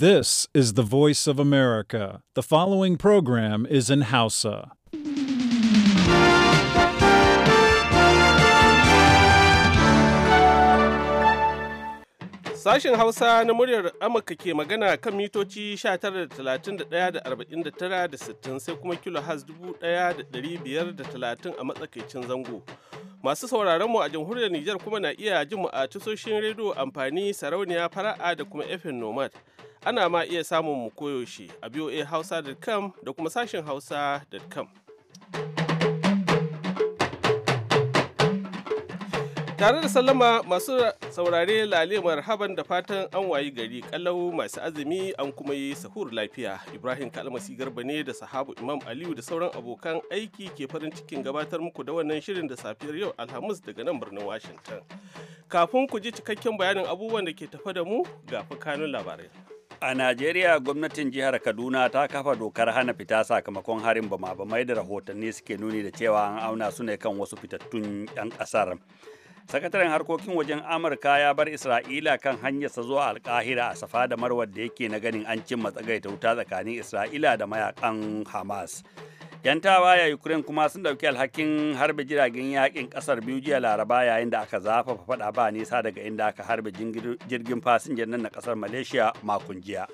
This is the voice of America. The following program is in Hausa. Sashen Hausa na muryar Amurka ke magana kan mitoci 19,31,49,60 sai kuma kilo has 1,530 a matsakaicin zango. Masu sauraron mu a jamhuriyar Nijar kuma na iya jin mu a tasoshin rediyo amfani sarauniya fara'a da kuma FM Nomad. ana ma iya samun mu koyaushe a voahausa.com da kuma sashen hausa.com. Tare da sallama masu saurare lale marhaban da fatan an wayi gari kalau masu azumi an kuma yi sahur lafiya. Ibrahim Kalmasi Garba ne da sahabu Imam Aliyu da sauran abokan aiki ke farin cikin gabatar muku da wannan shirin da safiyar yau Alhamis daga nan birnin Washington. Kafin ku ji cikakken bayanin abubuwan da ke tafa da mu ga kanun labarai. A Najeriya gwamnatin jihar Kaduna ta kafa dokar hana fita sakamakon harin bama bamai da rahotanni suke nuni da cewa an auna su ne kan wasu fitattun 'yan ƙasar. Sakataren harkokin wajen Amurka ya bar Isra'ila kan hanyarsa zuwa alkahira a safa da marwar da yake na ganin an cimma tsagaita wuta tsakanin Isra'ila da mayakan Hamas. yan tawaya ukraine kuma sun dauki alhakin harbe jiragen yakin kasar biyu jiya laraba yayin da aka zafa fada ba nisa daga inda aka harbe jirgin fasinjan nan na kasar malaysia makon jiya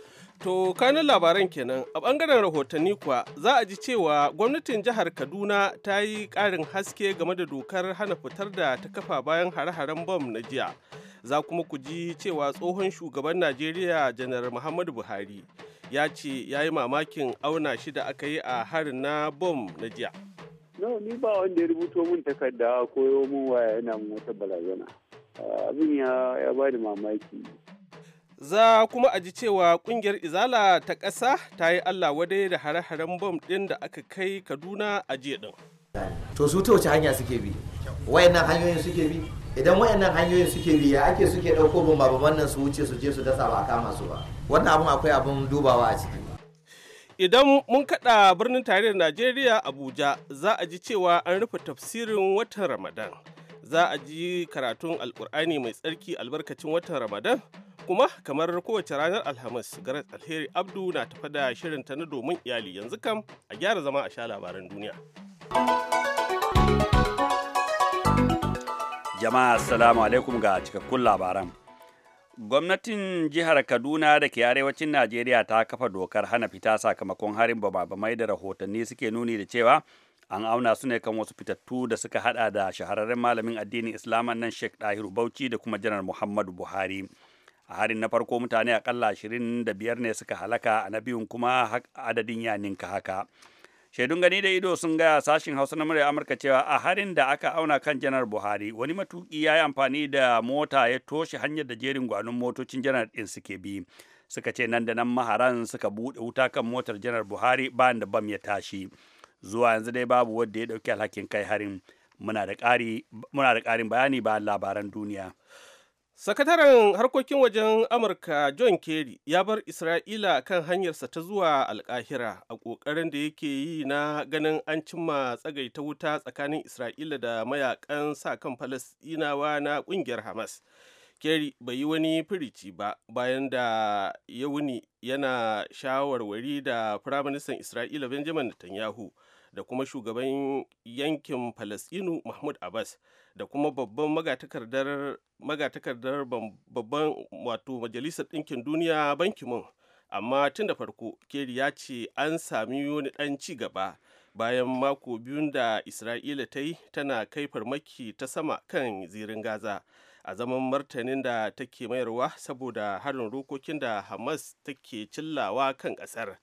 To kanin labaran kenan a bangaren rahotanni kuwa za a ji cewa gwamnatin jihar Kaduna ta yi ƙarin haske game da dokar hana fitar da ta kafa bayan hare-haren bom na jiya. za kuma ku ji cewa tsohon shugaban najeriya janar muhammadu buhari ya ce ya yi mamakin auna shi da aka yi a harin na bom na jiya no ni ba wanda ya rubuto min takarda ko mun waya yana mun wata balazana abin ya ya ba da mamaki za kuma a ji cewa kungiyar izala ta ƙasa ta yi allah wadai da hare-haren bom ɗin da aka kai kaduna a jiya ɗin to su ta wace hanya suke bi wayannan hanyoyin suke bi idan wayannan hanyoyin suke bi ya ake suke ɗauko babu wannan su wuce su je su dasa ba a kama su ba wannan abun akwai abun dubawa a ciki idan mun kaɗa birnin tarihin najeriya abuja za a ji cewa an rufe tafsirin watan ramadan za a ji karatun alkur'ani mai tsarki albarkacin watan ramadan kuma kamar kowace ranar alhamis garas alheri abdu na tafa da shirin ta na domin iyali yanzu kam a gyara zama a sha labaran duniya Jama'a assalamu alaikum ga cikakkun labaran. Gwamnatin jihar Kaduna da ke arewacin Najeriya ta kafa dokar hana fita sakamakon harin bababamai da rahotanni suke nuni da cewa an auna su ne kan wasu fitattu da suka hada da shahararren malamin addinin Islama nan Sheikh Dahiru Bauchi da kuma Janar Muhammadu Buhari. A harin na farko mutane akalla ashirin da biyar ne suka halaka a na biyun kuma adadin ya ninka haka. shaidun gani da ido sun gaya sashin hausa na murya amurka cewa a harin da aka auna kan janar buhari wani matuki ya yi amfani da mota ya toshe hanyar da jerin gwanon motocin janar ɗin suke bi suka ce nan da nan maharan suka buɗe wuta kan motar janar buhari bayan da bam ya tashi zuwa yanzu dai babu wanda ya ɗauki alhakin kai harin muna da ƙarin bayani bayan labaran duniya Sakataren harkokin wajen Amurka John Kerry ya bar Isra'ila kan hanyarsa ta zuwa alkahira a ƙoƙarin da yake yi na ganin an cimma tsagaita wuta tsakanin Isra'ila da mayakan sa kan Falasɗinawa na ƙungiyar Hamas. Kerry bai yi wani firici ba bayan da ya wuni yana shawarwari da Firaministan Isra'ila Benjamin Netanyahu. da kuma shugaban yankin Falasɗinu Mahmud Abbas da kuma babban magatakardar magatakardar babban wato Majalisar Ɗinkin Duniya Banki Mun. Amma tun da farko, Keri ya ce an sami wani ɗan ci gaba bayan mako biyun da Isra'ila ta yi tana kai farmaki ta sama kan zirin Gaza. a zaman martanin da take mayarwa saboda harin rokokin da hamas take cillawa kan ƙasar.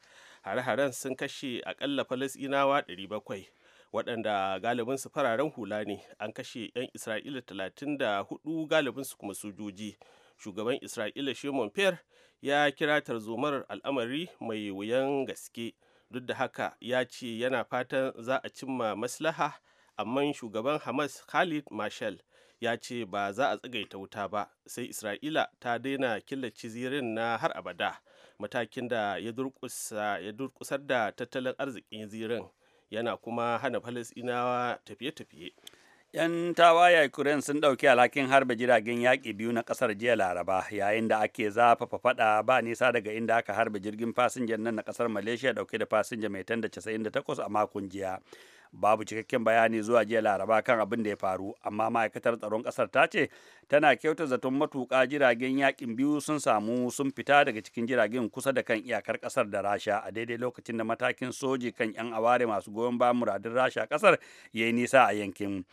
hare-haren sun kashe akalla falasinawa 700 waɗanda galibinsu fararen hula ne an kashe 'yan isra'ila 34 galibinsu kuma sojoji shugaban isra'ila shimon per ya kira tarzomar al'amari mai wuyan gaske duk da haka ya ce yana fatan za a cimma maslaha amma shugaban hamas khalid marshall ya ce ba za a tsagaita wuta ba sai isra'ila ta daina killace zirin na har abada matakin da ya durkusar da tattalin arzikin zirin yana kuma hana falasinawa tafiye-tafiye 'yan tawaye ukraine sun ɗauki alhakin harba jiragen yaƙi biyu na kasar jiya laraba yayin da ake zafafa fada ba nisa daga inda aka harba jirgin fasinjan nan na ƙasar malaysia dauke da fasinja mai tanda 98 a makon jiya babu cikakken bayani zuwa jiya laraba kan abin da ya faru amma ma'aikatar tsaron kasar ta ce tana kyauta zaton matuƙa jiragen yakin biyu sun samu sun fita daga cikin jiragen kusa da kan iyakar kasar da rasha a daidai lokacin da matakin soji kan 'yan aware masu goyon bayan muradin rasha kasar ya yi nisa a yankin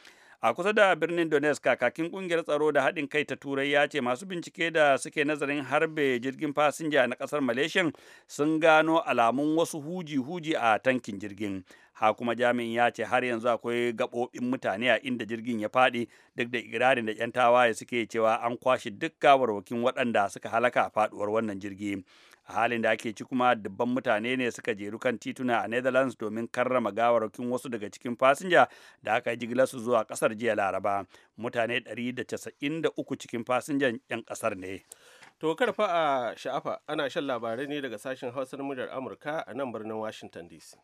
a kusa da birnin donetsk kakakin kungiyar tsaro da haɗin kai ta turai ya ce masu bincike da suke nazarin harbe jirgin fasinja na ƙasar malaysia sun gano alamun wasu huji-huji a tankin jirgin ha kuma jami'in ya ce har yanzu akwai gabobin mutane a inda jirgin ya fadi duk da ikirarin da 'yan tawaye suke cewa an kwashe duk gawarwakin waɗanda suka halaka a faduwar wannan jirgi a halin da ake ci kuma dubban mutane ne suka jeru kan tituna a netherlands domin karrama gawarwakin wasu daga cikin fasinja da aka yi jigilar su zuwa kasar jiya laraba mutane 193 cikin fasinjan 'yan kasar ne to karfa a sha'afa ana shan labarai ne daga sashen hausar muryar amurka a nan birnin washington dc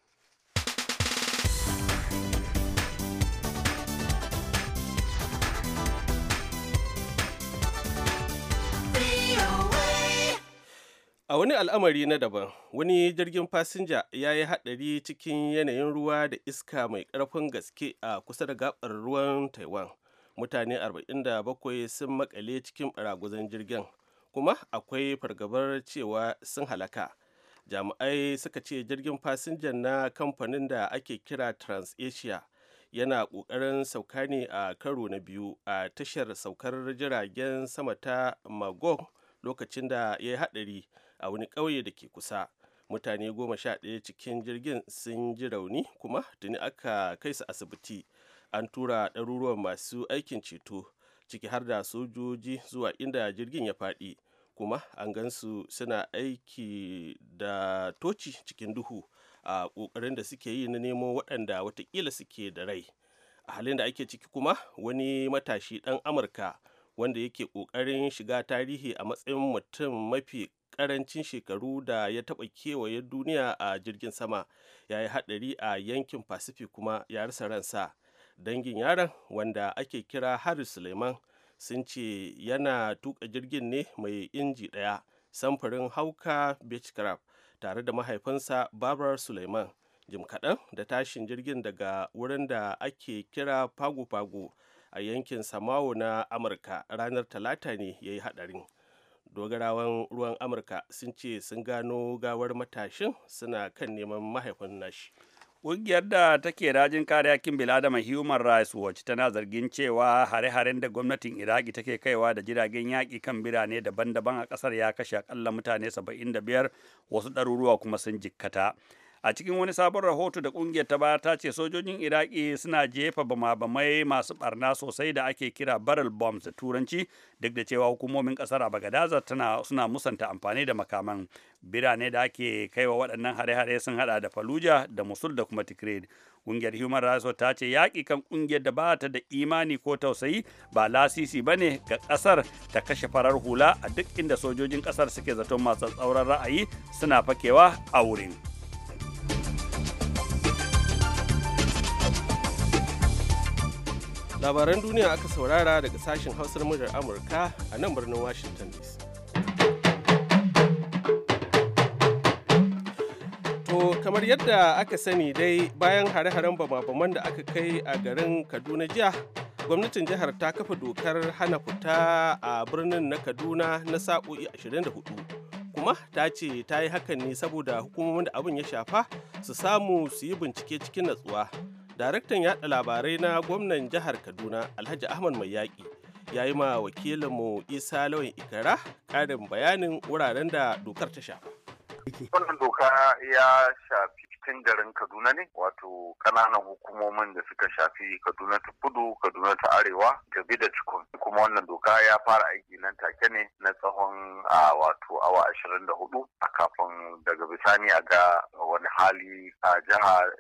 A wani al'amari na daban, wani jirgin fasinja ya yi haɗari cikin yanayin ruwa da iska mai ƙarfin gaske a kusa da gaɓar ruwan Taiwan. Mutane 47 sun makale cikin baraguzan jirgin, kuma akwai fargabar cewa sun halaka. jami'ai suka ce jirgin fasinjan na kamfanin da ake kira transasia yana ƙoƙarin sauka ne a karo na biyu a tashar saukar jiragen sama ta magog lokacin da ya yi haɗari a wani ƙauye da ke kusa mutane goma sha ɗaya cikin jirgin sun ji rauni kuma tuni aka kai su asibiti an tura ɗaruruwan masu aikin ceto ciki har da sojoji zuwa inda jirgin ya faɗi kuma an gansu suna aiki da toci cikin duhu a ƙoƙarin da suke yi na nemo waɗanda watakila suke da rai a halin da ake ciki kuma wani matashi ɗan amurka wanda yake ƙoƙarin shiga tarihi a matsayin mutum mafi ƙarancin shekaru da ya taɓa kewaye duniya a jirgin sama ya yi haɗari a yankin pacific kuma ya rasa ransa dangin yaron wanda ake kira haris suleiman sun ce yana tuka jirgin ne mai inji ɗaya samfurin hauka beechcraft tare da mahaifinsa babar suleiman jim kaɗan da tashin jirgin daga wurin da ake kira pago-pago a yankin samawo na amurka ranar talata ne ya yi haɗarin dogarawan ruwan amurka sun ce sun gano gawar matashin suna kan neman mahaifin nashi Ƙungiyar da take rajin kare hakkin biladama Human Rights Watch tana zargin cewa hare-haren da gwamnatin Iraki take kaiwa da jiragen yaƙi kan birane daban-daban a ƙasar ya kashe akalla mutane 75 wasu ɗaruruwa kuma sun jikkata. a cikin wani sabon rahoto da kungiyar ta bayar ta ce sojojin iraki suna jefa bama-bamai masu barna sosai da ake kira barrel bombs da turanci duk da cewa hukumomin kasar a bagadaza tana suna musanta amfani da makaman birane da ake kaiwa waɗannan hare-hare sun hada da faluja da musul da kuma tikrid kungiyar human rights watch ta ce yaƙi kan kungiyar da ba ta da imani ko tausayi ba lasisi ba ne ga ƙasar ta kashe farar hula a duk inda sojojin ƙasar suke zaton masu tsauran ra'ayi suna fakewa a wurin. labaran duniya aka saurara daga sashen hausar muryar amurka a nan birnin washington dc to kamar yadda aka sani dai bayan hare-haren bama da aka kai a garin kaduna jiya gwamnatin jihar ta kafa dokar hana fita a birnin na kaduna na sa'o'i 24 kuma ta ce ta yi hakan ne saboda hukumomin da abin ya shafa su samu su yi bincike cikin natsuwa daraktan yada labarai na gwamnan jihar kaduna alhaji ahmad mai yaƙi ya yi ma wakilinmu isa lawan ikara ƙarin bayanin wuraren da dokar ta shafa wannan doka ya shafi cikin garin kaduna ne wato ƙananan hukumomin da suka shafi kaduna ta kudu kaduna ta arewa gabi da cikon kuma wannan doka ya fara aiki nan take ne na tsawon a wato awa ashirin da hudu a kafin daga bisani a ga wani hali a jiha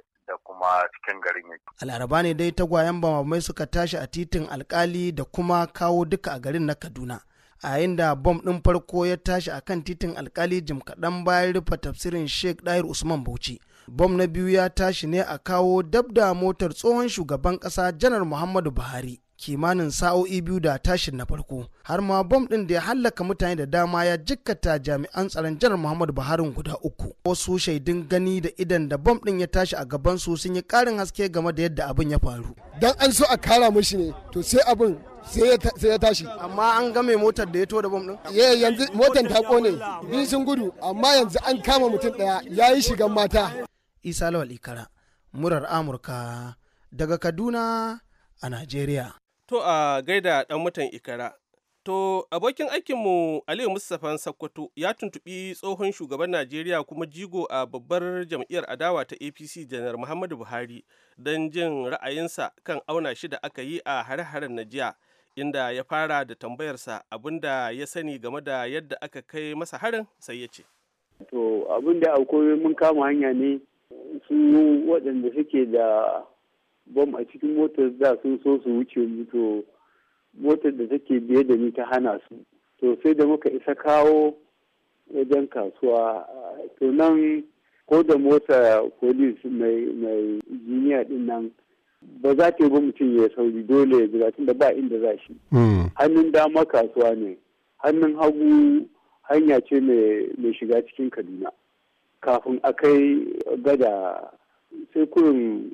kuma cikin garin yake. Al'araba ne dai tagwayen bamamai suka tashi a titin alkali da kuma kawo duka a garin na Kaduna. A yayin da bom ɗin farko ya tashi a kan titin alkali jim kaɗan bayan rufe tafsirin Sheikh Dair Usman Bauchi. Bom na biyu ya tashi ne a kawo dabda motar tsohon shugaban ƙasa Janar Muhammadu Buhari. kimanin sa'o'i biyu da tashin na farko har ma bom ɗin da ya hallaka mutane da dama ya jikkata jami'an tsaron jihar muhammadu buhari guda uku wasu shaidun gani da idan da bom ɗin ya tashi a gaban su sun yi ƙarin haske game da yadda abin ya faru dan an so a kara mishi ne to sai abin sai ya tashi amma an game motar da ya to da bom din ya eh, yanzu motar ta kone biyu sun gudu amma yanzu an kama mutum daya ya yi shigan mata isa lawal ikara murar amurka daga kaduna a najeriya To a gaida ɗan mutan Ikara. To abokin aikinmu Aliyu Mustapha Sakkwato ya tuntuɓi tsohon shugaban Najeriya kuma jigo a babbar jam'iyyar adawa ta APC janar Muhammadu Buhari don jin ra'ayinsa kan auna shi da aka yi a hare-haren na jiya inda ya fara da tambayarsa abinda ya sani game da yadda aka kai masa harin sai ya ce. To abinda akwai mun kama hanya ne su waɗanda suke da bom a cikin motar da sun so su wuce mu to motar da take biye da ni ta hana su to sai da muka isa kawo wajen kasuwa to nan ko da mota polis mai mai jiniya din nan ba za ta yi mutum ya sauri dole ya da tunda ba inda za shi hmm. hannun dama kasuwa ne hannun hagu hanya ce mai shiga cikin kaduna kafin akai gada sai kurin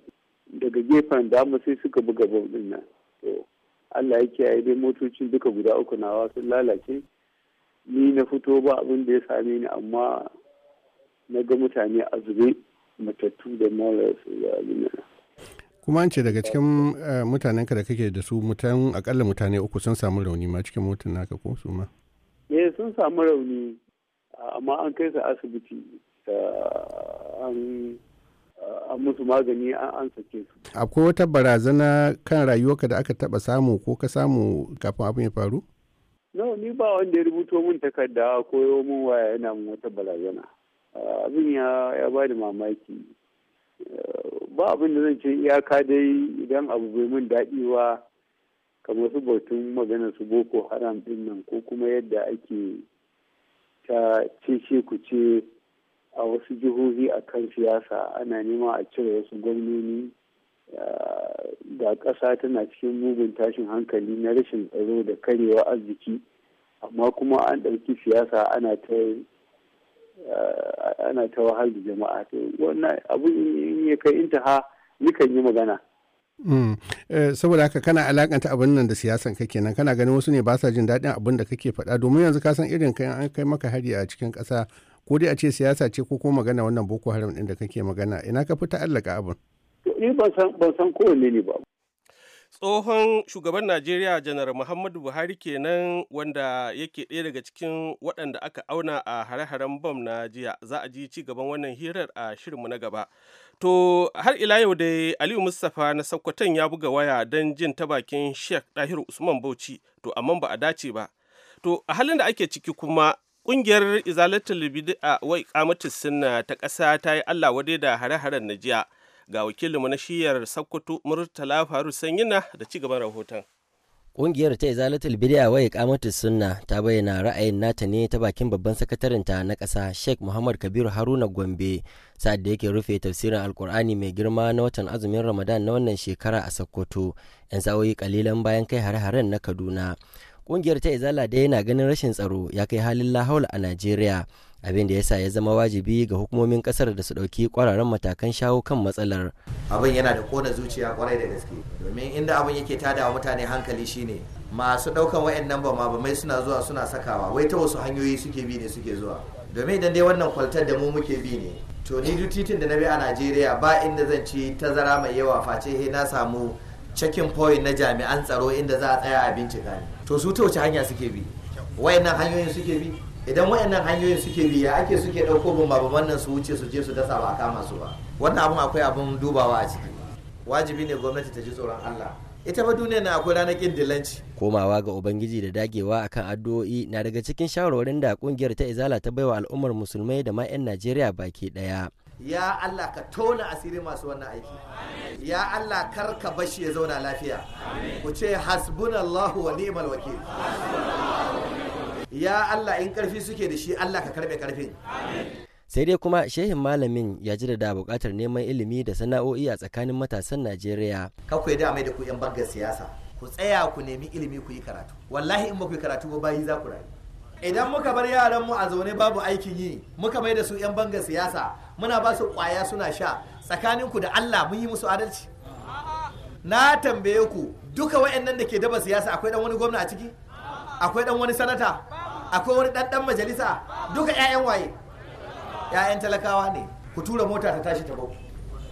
daga gefen dama sai suka buga ba din nan to Allah ya kiyaye dai motocin duka guda uku nawa sun lalace ni na fito ba abin da ya same ni amma na ga mutane a zube matattu da marasa da kuma an ce daga cikin eh, mutanen ka da kake da su mutan akalla mutane uku sun samu rauni ma cikin motar naka ko su ma eh sun samu rauni amma an kai su asibiti an a musu magani an sake su. Akwai wata barazana kan rayuwarka da aka taba samu ko ka samu kafin abin ya faru? No, ni ba wanda ya rubuto min takarda ko min waya yana min wata barazana. Ah, abin ya ba da mamaki. Ah, ba abin da zan ce iyaka dai idan abu bai min daɗi ba kamar su batun magana su boko haram ɗin nan ko kuma yadda ake ta ce ku ce a wasu jihohi a kan siyasa ana nema a cire wasu gwamnoni da eh, ƙasa tana cikin mugun tashin hankali na rashin tsaro da karewa arziki amma kuma an ɗauki siyasa ana ta eh, ana ta wahal da jama'a wannan abu ya kai intaha nikan yi magana mm. eh, saboda haka kana alakanta abin nan da siyasan kake nan kana ganin wasu ne ba sa jin daɗin abin da kake faɗa domin yanzu ka san irin kai an kai maka hari a cikin ƙasa ko dai a ce siyasa ce ko kuma magana wannan boko haram din da kake magana ina ka fi allaka abin ni ban san ban san kowanne ne ba tsohon shugaban najeriya janar muhammadu buhari kenan wanda yake ɗaya daga cikin waɗanda aka auna a hare-haren bam na jiya za a ji ci gaban wannan hirar a shirin mu na gaba to har ila yau dai aliyu mustapha na sakkwaton ya buga waya don jin ta bakin sheikh Dahir usman bauchi to amma ba a dace ba to a halin da ake ciki kuma Ƙungiyar Izalatul Bid'a wai Iqamatus Sunna ta ƙasa ta yi Allah wadai da hare-haren jiya ga wakilinmu na shiyar Sokoto Murtala Faru Sanyina da ci gaban rahoton. Ƙungiyar ta Izalatul Bid'a wai Iqamatus Sunna ta bayyana ra'ayin nata ne ta bakin babban ta na ƙasa Sheikh Muhammad Kabiru Haruna Gombe sa'ad da yake rufe tafsirin Alƙur'ani mai girma na watan azumin Ramadan na wannan shekara a Sokoto 'yan sa'o'i kalilan bayan kai hare-haren na Kaduna. kungiyar ta izala da yana ganin rashin tsaro ya kai halin lahaula a najeriya abin da yasa ya zama wajibi ga hukumomin kasar da su ɗauki kwararan matakan shawo kan matsalar abin yana da kona zuciya kwarai da gaske domin inda abin yake tada wa mutane hankali shine masu daukan wayannan ba ma mai suna zuwa suna sakawa wai ta wasu hanyoyi suke bi ne suke zuwa domin idan dai wannan kwaltar da mu muke bi ne to ni duk titin da na bi a najeriya ba inda zan ci tazara mai yawa face na samu checking point na jami'an tsaro inda za a tsaya a bincika ne to su ta wace hanya suke bi wayannan hanyoyin suke bi idan wayannan hanyoyin suke bi ya ake suke ɗauko bumbabuman nan su wuce su je su dasa ba a kama su ba wannan abun akwai abun dubawa a ciki wajibi ne gwamnati ta ji tsoron Allah ita ba duniya na akwai ranakin dilanci. Komawa ga Ubangiji da dagewa akan addu'o'i na daga cikin shawarwarin da kungiyar ta izala ta baiwa al'ummar musulmai da ma 'yan Najeriya baki ɗaya. ya Allah ka tona asiri masu wannan aiki ya Allah kar ka bashi ya zauna lafiya ku ce hasbunallahu wa ni'mal wakil ya Allah in karfi suke da shi Allah ka karbe karfin sai dai kuma shehin malamin ya ji da buƙatar neman ilimi da sana'o'i a tsakanin matasan Najeriya ka ku da mai da ku yan bangar siyasa ku tsaya ku nemi ilimi ku yi karatu wallahi in ba ku yi karatu ba bayi za ku rayu idan muka bar yaranmu a zaune babu aikin yi muka mai da su 'yan bangar siyasa muna ba su kwaya suna sha tsakaninku da allah mun yi musu adalci na tambaye ku duka wayannan da ke daba siyasa akwai dan wani gwamna a ciki akwai dan wani sanata akwai wani dan majalisa duka 'ya'yan waye 'ya'yan talakawa ne ku tura mota ta tashi ta bau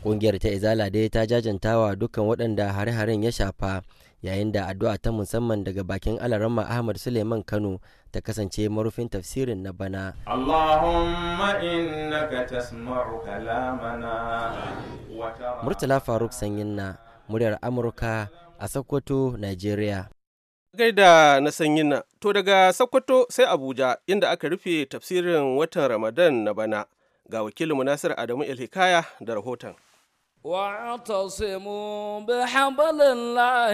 kungiyar ta izala dai ta jajantawa dukkan waɗanda hare-haren ya shafa yayin da addu'a ta musamman daga bakin alarama ahmad suleiman kano ta kasance marufin tafsirin na bana allahumma kalamana murtala faruk sanyin na muryar amurka a sokoto nigeria gaida na sanyin na to daga sokoto sai abuja inda aka rufe tafsirin watan ramadan na bana ga wakilin munasir adamu ilhikaya da rahoton واعتصموا بحبل الله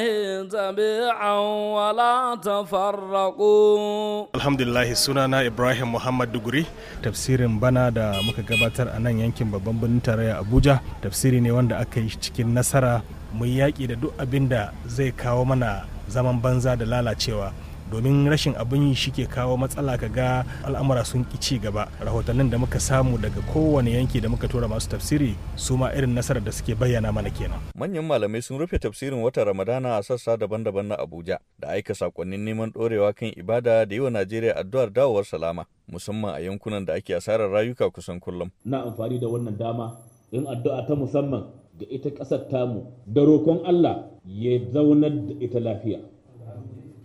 جميعا ولا تفرقوا الحمد لله sunana Ibrahim Muhammad Duguri tafsirin bana da muka gabatar a nan yankin babban birnin tarayya Abuja tafsiri ne wanda aka yi cikin nasara mu yaki da duk abin da zai kawo mana zaman banza da lalacewa domin rashin abin yi shi ke kawo matsala ka ga al'amura sun ki ci gaba rahotannin da muka samu daga kowane yanki da muka tura masu tafsiri su ma irin nasarar da suke bayyana mana kenan manyan malamai sun rufe tafsirin watan ramadana a sassa daban-daban na abuja da aika sakonnin neman dorewa kan ibada da yi wa najeriya addu'ar dawowar salama musamman a yankunan da ake asarar rayuka kusan kullum na amfani da wannan dama in addu'a ta musamman ga ita ƙasar tamu da roƙon allah ya zaunar da ita lafiya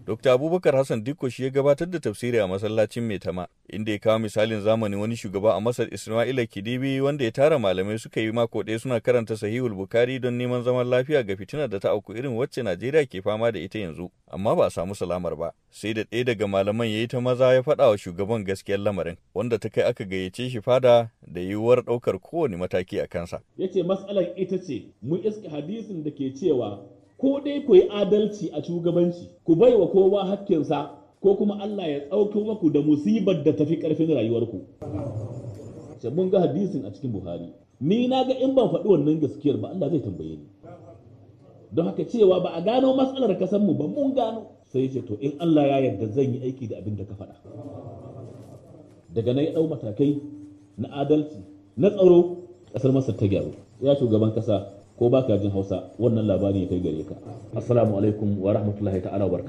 Dr. Abubakar Hassan Dikko shi ya gabatar da tafsiri a masallacin Maitama, inda ya kawo misalin zamani wani shugaba a Masar Isma'ila Kidibi wanda ya tara malamai suka yi mako ɗaya suna karanta Sahihul Bukhari don neman zaman lafiya ga fitinar da ta auku irin wacce Najeriya ke fama da ita yanzu, amma ba a samu salamar ba. Sai da ɗaya daga malaman ya yi ta maza ya faɗa wa shugaban gaskiyar lamarin, wanda ta kai aka gayyace shi fada da yiwuwar ɗaukar kowane mataki a kansa. Yace matsalar ita ce mu iska hadisin da ke cewa ko dai ku yi adalci a shugabanci ku bai wa kowa hakkinsa ko kuma Allah ya tsauko maku da musibar da tafi karfin rayuwarku mun ga hadisin a cikin Buhari ni na ga in ban faɗi wannan gaskiyar ba Allah zai tambaye ni don haka cewa ba a gano matsalar kasan mu ba mun gano sai ce to in Allah ya yarda zan yi aiki da abin da ka faɗa daga nan ya ɗau matakai na adalci na tsaro ƙasar Masar ta gyaru ya shugaban kasa ko ba ka jin hausa wannan labarin ya kai gare ka assalamu alaikum wa rahmatullahi ta'ala wa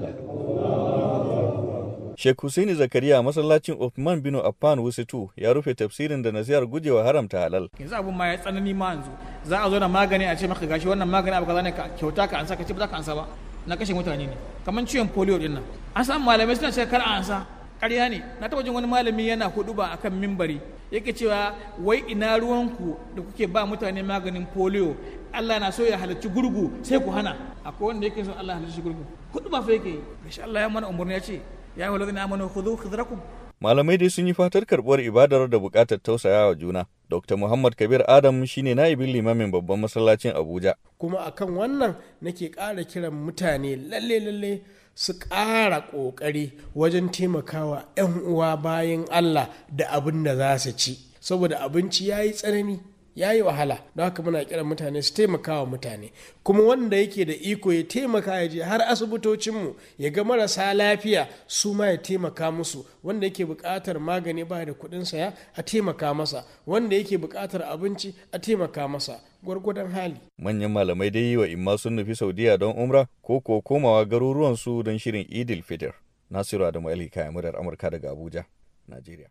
Sheikh Husaini Zakariya masallacin Uthman bin Affan Wusitu ya rufe tafsirin da nasiyar gujewa haramta halal. Yanzu abun ma ya tsanani ma yanzu. Za a zo na magani a ce maka gashi wannan magani abu kaza ne ka kyauta ka ansa ka ce ba za ka ansa ba. Na kashe mutane ne. Kaman ciwon polio din nan. An samu malamai suna ce kar a ansa. Ƙarya ne. Na taɓa jin wani malami yana hudu ba akan mimbari. yake cewa wai ina ruwanku da kuke ba mutane maganin polio Allah na so ya halarci gurgu sai ku hana akwai wanda yake so Allah halarci gurgu kudu ba fa yake Allah ya mana umurni ya ce ya yi walazina amanu khudhu khidrakum malamai dai sun yi fatar karbuwar ibadar da bukatar tausayawa juna Dr. Muhammad Kabir Adam shine na'ibin limamin babban masallacin Abuja kuma akan wannan nake ƙara kiran mutane lalle lalle su ƙara ƙoƙari wajen taimakawa 'yan uwa bayan Allah da abin da za su ci saboda abinci ya yi tsanani ya yi wahala don haka muna kiran mutane su taimaka wa mutane kuma wanda yake da iko ya taimaka ya je har asibitocinmu ya ga marasa lafiya su ma ya taimaka musu wanda yake buƙatar magani ba da kuɗin saya a taimaka masa wanda yake buƙatar abinci a taimaka masa gwargwadon hali. Manyan malamai dai yi wa imma sun nufi Saudiya don Umra ko ko komawa garuruwansu don shirin Idil Fitr. Nasiru Adamu Ali kayan murar Amurka daga Abuja, Najeriya.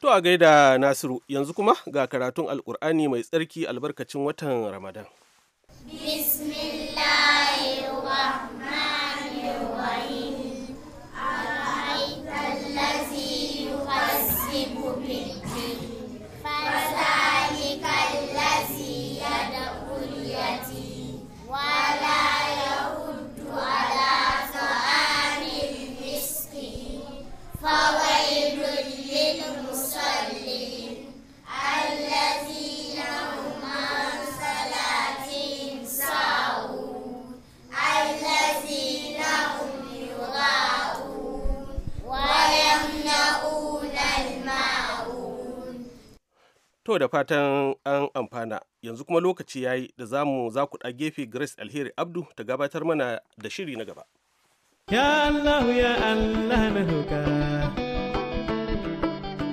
To a gaida Nasiru yanzu kuma ga karatun Alƙur'ani mai tsarki albarkacin watan Ramadan. Bismillahirrahmanirrahim. To da fatan an amfana yanzu kuma lokaci ya yi da za mu za ku gefe Grace Alheri Abdu ta gabatar mana da shiri na gaba. Ya Allah ya Allah na roƙa.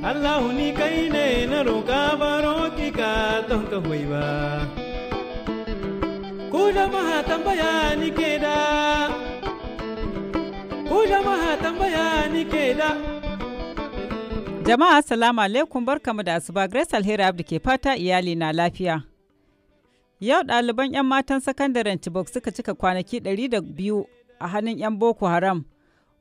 Allah ni kai ne na roƙa ba roƙi ka don ka hoyi ba. Ku jama'a tambaya ni ke da. Ku jama'a tambaya ni ke da. Jama'a salamu alaikum barkamu da asuba Grace Alheri Abdi ke fata iyali na lafiya. Yau ɗaliban 'yan matan sakandaren Chibok suka cika kwanaki biyu a hannun 'yan Boko Haram.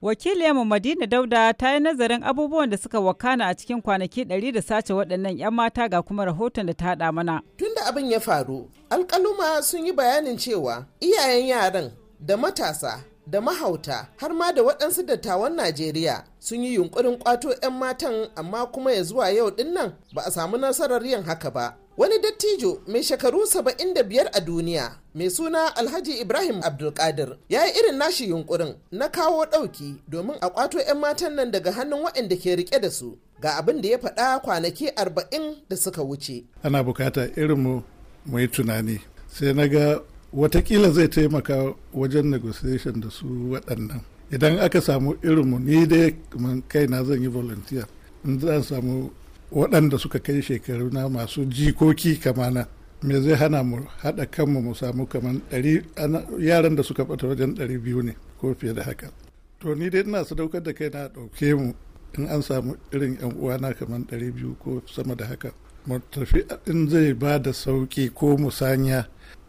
Wakiliyarmu Madina Dauda ta yi nazarin abubuwan da suka wakana a cikin kwanaki 100 da sace waɗannan 'yan mata ga kuma rahoton da ta haɗa mana. Tun da abin ya faru, alƙaluma sun yi bayanin cewa iyayen yaran da matasa da mahauta har ma da waɗansu dattawan Najeriya sun yi yunkurin kwato 'yan matan amma kuma ya zuwa yau nan ba a samu nasarar yin haka ba. Wani dattijo mai shekaru 75 a duniya mai suna Alhaji Ibrahim Abdulkadir ya yi irin nashi yunkurin na kawo ɗauki domin a kwato 'yan matan nan daga hannun waɗanda ke rike da su ga abin da ya faɗa kwanaki 40 da suka wuce. Ana bukata irin mu mu yi tunani sai na ga watakila zai taimaka wajen negotiation da su waɗannan idan aka samu irinmu ni dai kai na zan yi volunteer in zan samu waɗanda suka kai shekaru na masu jikoki kamana me zai hana mu haɗa kanmu mu samu kamar yaran da suka fata wajen ɗari biyu ne ko fiye da haka to ni dai ina sadaukar da kai na ɗauke mu in an samu irin yan uwana kamar ɗari biyu ko sama da haka mu tafi in zai ba da sauƙi ko musanya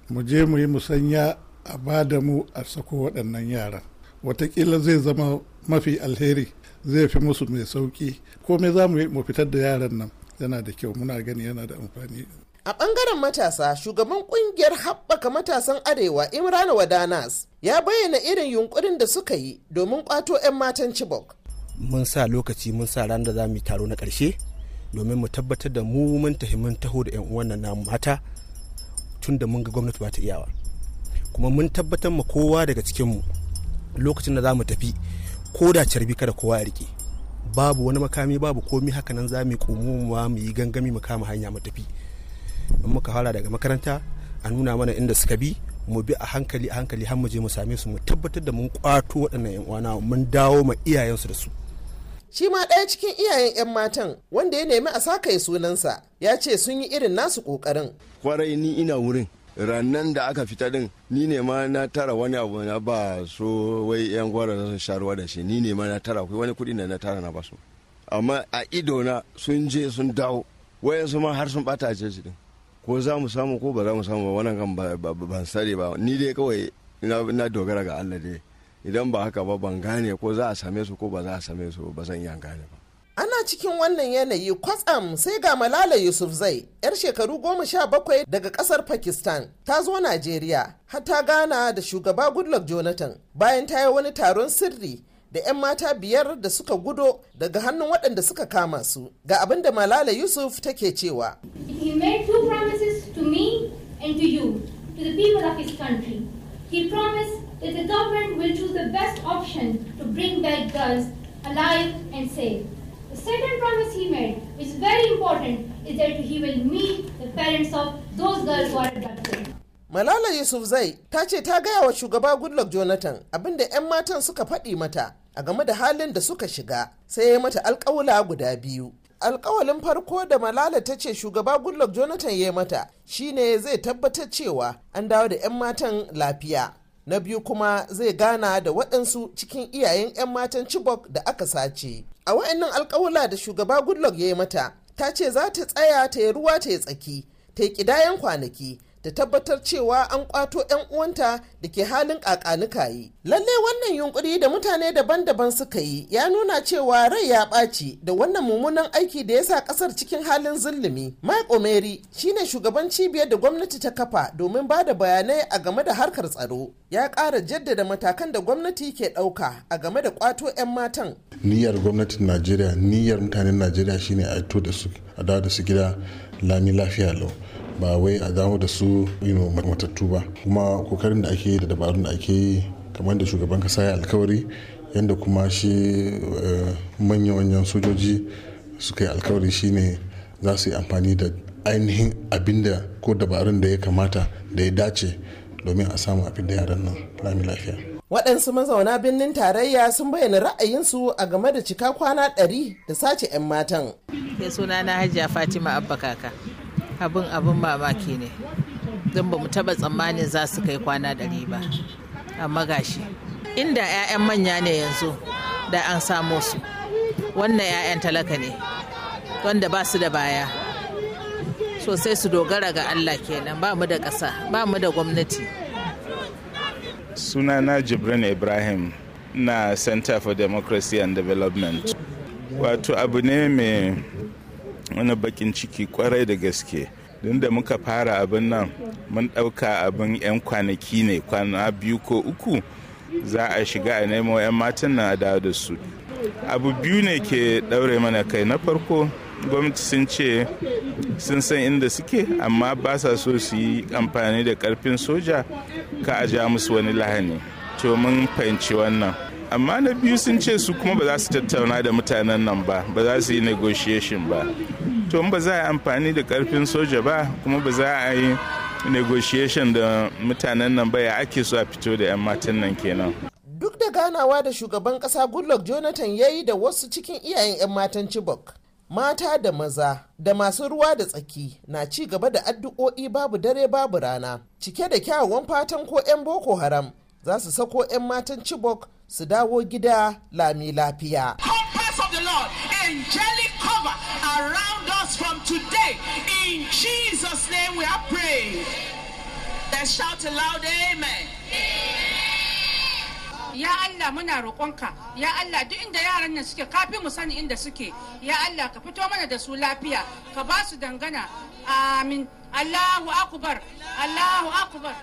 mu je mu yi musanya a ba da mu a sako waɗannan yaran watakila zai zama mafi alheri zai fi musu mai sauki komai za mu fitar da yaran nan yana da kyau muna gani yana da amfani a ɓangaren matasa shugaban ƙungiyar haɓaka matasan arewa imrana wadanas ya bayyana irin yunkurin da suka yi domin ƙwato 'yan matan chibok mun sa lokaci mun sa ran da za mu yi taro na ƙarshe domin mu tabbatar da mu mun tahimin taho da 'yan uwan nan mata tun da mun ga gwamnati ba ta iyawa kuma mun tabbatar ma kowa daga cikin mu lokacin da za mu tafi ko da carbi kada kowa ya rike babu wani makami babu komi haka nan za mu yi komowa mu yi gangami mu kama hanya mu tafi in muka hala daga makaranta a nuna mana inda suka bi mu bi a hankali a hankali har mu je mu same su mu tabbatar da mun kwato waɗannan yan uwana mun dawo ma iyayensu da su shi ma ɗaya cikin iyayen 'yan matan wanda ya nemi a sakaye sunansa ya ce sun yi irin nasu ƙoƙarin. kwarai ni ina wurin rannan da aka fita din ni ne ma na tara wani abu na ba so wai yan gwara sun sharuwa da shi ni ne ma na tara wani kuɗi na na tara na ba su amma a ido na sun je sun dawo wayansu ma har sun bata a din ko za mu samu ko ba za mu samu ba wannan kan ban sare ba ni dai kawai na dogara ga Allah dai idan ba haka ba ban gane ko za a same su ko ba za a same su ba zan iya gane ba ana cikin wannan yanayi kwatsam sai ga malala yusuf zai yar shekaru goma sha bakwai daga kasar pakistan ta zo najeriya har ta gana da shugaba goodluck jonathan bayan ta yi wani taron sirri da 'yan mata biyar da suka gudo daga hannun waɗanda suka kama su ga abin da malala yusuf take cewa he made two promises to me and to you to the people of his country He promised that the government will choose the best option to bring back girls alive and safe. The second promise he made, which is very important, is that he will meet the parents of those girls who are abducted. Malala zai ta ce ta gaya wa shugaba Goodluck Jonathan abinda 'yan matan suka faɗi mata a game da halin da suka shiga sai ya mata alƙawula guda biyu. alkawalin farko da malala ta ce shugaba goodluck jonathan ya mata shine zai tabbatar cewa an dawo da 'yan matan lafiya na biyu kuma zai gana da waɗansu cikin iyayen 'yan matan chibok da aka sace a wa'annan alkawula da shugaba goodluck ya mata ta ce za ta tsaya ta yi ruwa ta yi tsaki ta yi kidayen kwanaki Da tabbatar cewa an kwato 'yan uwanta da ke halin kakanuka yi. Lalle wannan yunkuri da mutane daban-daban suka yi ya nuna cewa rai ya ɓaci da wannan mummunan aiki da ya sa ƙasar cikin halin zulumi. Mike Omeri shine shugaban cibiyar da gwamnati ta kafa domin ba da bayanai a game da harkar tsaro. Ya ƙara jaddada matakan da gwamnati ke ɗauka a game da kwato 'yan matan. Niyyar gwamnatin Najeriya, niyyar mutanen Najeriya shine a da su da su gida lami lafiya lau. ba wai a damu da su matattu ba kuma kokarin da ake da dabarun da ake yi kamar da shugaban kasa ya alkawari yadda kuma shi eh, manyan manyan sojoji suka yi alkawari shine za su yi amfani da ainihin abinda ko dabarun da ya kamata da ya dace domin a samu abin da yaran nan rami lafiya. waɗansu mazauna birnin tarayya sun bayyana ra'ayinsu a game da cika kwana ɗari da sace 'yan matan. ya eh, suna na hajiya fatima abba kaka abin abin mamaki ne don ba mu taɓa tsammanin za su kai kwana ɗari ba amma gashi inda 'ya'yan manya ne yanzu da an samo su wannan 'ya'yan talaka ne wanda ba su da baya sosai su dogara ga allah kenan ba mu da ƙasa ba mu da gwamnati Suna na jibrin ibrahim na center for democracy and development wato abu ne mai wani bakin ciki kwarai da gaske don da muka fara abin nan mun ɗauka abin 'yan kwanaki ne kwana biyu ko uku za a shiga a nemo 'yan matan na da da su abu biyu ne ke ɗaure mana kai na farko gwamnati sun ce sun san inda suke amma ba sa so su yi amfani da karfin soja ka a ja musu wani lahani to mun fahimci wannan amma na biyu sun ce su kuma ba za su tattauna da mutanen nan ba ba za su yi negotiation ba to ba za a yi amfani da karfin soja ba kuma ba za a yi negotiation da mutanen nan ba ya ake so a fito da 'yan matan nan kenan duk da ganawa da shugaban kasa goodluck jonathan ya yi da wasu cikin iyayen 'yan matan chibok mata da maza da masu ruwa da tsaki na ci gaba da addu'o'i babu dare babu rana cike da kyawawan fatan ko 'yan boko haram za su sako 'yan matan chibok su dawo gida lami lafiya. Ya Allah muna roƙonka, ya Allah duk inda yaran nan suke kafi mu sani inda suke, ya Allah ka fito mana da su lafiya, ka ba su dangana, amin, Allahu akubar, Allahu akubar.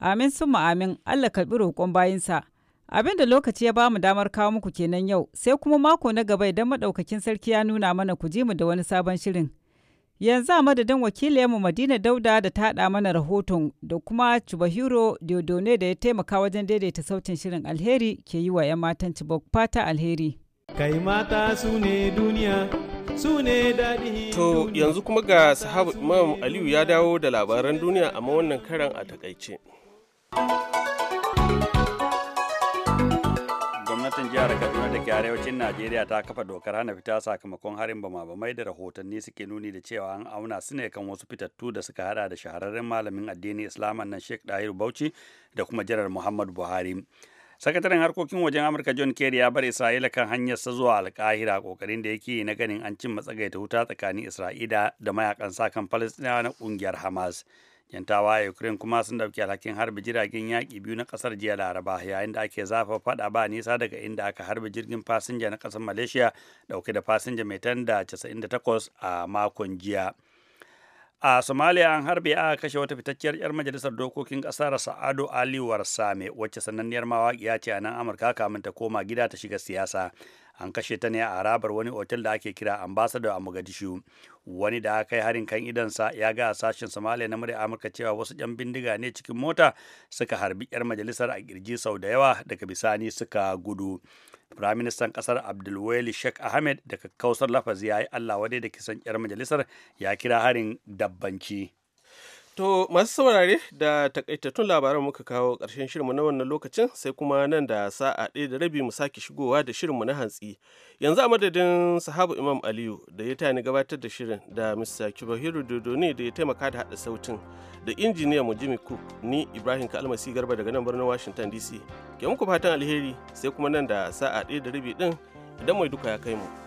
Amin sun amin, Allah karɓi roƙon bayinsa. Abin da lokaci ya bamu damar kawo muku kenan yau, sai kuma mako na gaba idan madaukakin sarki ya nuna mana ku ji mu da wani sabon shirin. Yanzu a madadin wakilinmu Madina Dauda da ta haɗa mana rahoton da kuma Chubahiro Diodone da ya taimaka wajen daidaita sautin shirin alheri ke yi wa 'yan matan Chibok fata alheri. Kai mata su ne duniya, su ne daɗi. To yanzu kuma ga sahabu Imam Aliyu ya dawo da labaran duniya amma wannan karan a takaice. jihar kaduna da ke arewacin najeriya ta kafa dokar hana fita sakamakon harin bama-bamai da rahotanni suke nuni da cewa an auna su ne kan wasu fitattu da suka hada da shahararren malamin addinin islam nan sheikh dahiru bauchi da kuma jiran muhammadu buhari sakataren harkokin wajen amurka john kerry ya bar isra'ila kan hanyar sa zuwa alkahira kokarin da yake na ganin an cin matsagaita wuta tsakanin isra'ila da mayakan sakan palestina na kungiyar hamas yantawa a ukraine kuma sun ɗauki alhakin harbi jiragen yaƙi biyu na ƙasar jiya laraba yayin da ake zafa faɗa ba nisa daga inda aka harbi jirgin fasinja na ƙasar malaysia ɗauke da fasinja mai tanda 98 a makon jiya a somalia an harbe a kashe wata fitacciyar 'yar majalisar dokokin kasar sa'adu aliwar same wacce sananniyar mawaƙiya ce a nan amurka kamin ta koma gida ta shiga siyasa an kashe ta ne a harabar wani otel da ake kira ambassador a mogadishu wani da akai kai harin kan idansa ya ga sashen somalia na murya amurka cewa wasu yan bindiga ne cikin mota suka harbi 'yar majalisar a kirji sau da yawa daga bisani suka gudu firaministan kasar abdulwali sheikh ahmed da kausar lafazi ya yi allah wadai da kisan yar majalisar ya kira harin dabbanci To masu saurare da takaitattun labaran muka kawo ƙarshen shirinmu na wannan lokacin sai kuma nan da sa'a ɗaya da rabi mu sake shigowa da shirinmu na hantsi. Yanzu a madadin sahabu Imam Aliyu da ya tani gabatar da shirin da Mr. Kibahiru ne da ya taimaka da haɗa sautin da injiniya mu Jimmy Cook ni Ibrahim Kalmasi Garba daga nan birnin Washington DC. Ke muku fatan alheri sai kuma nan da sa'a ɗaya da rabi ɗin idan mai duka ya kai mu.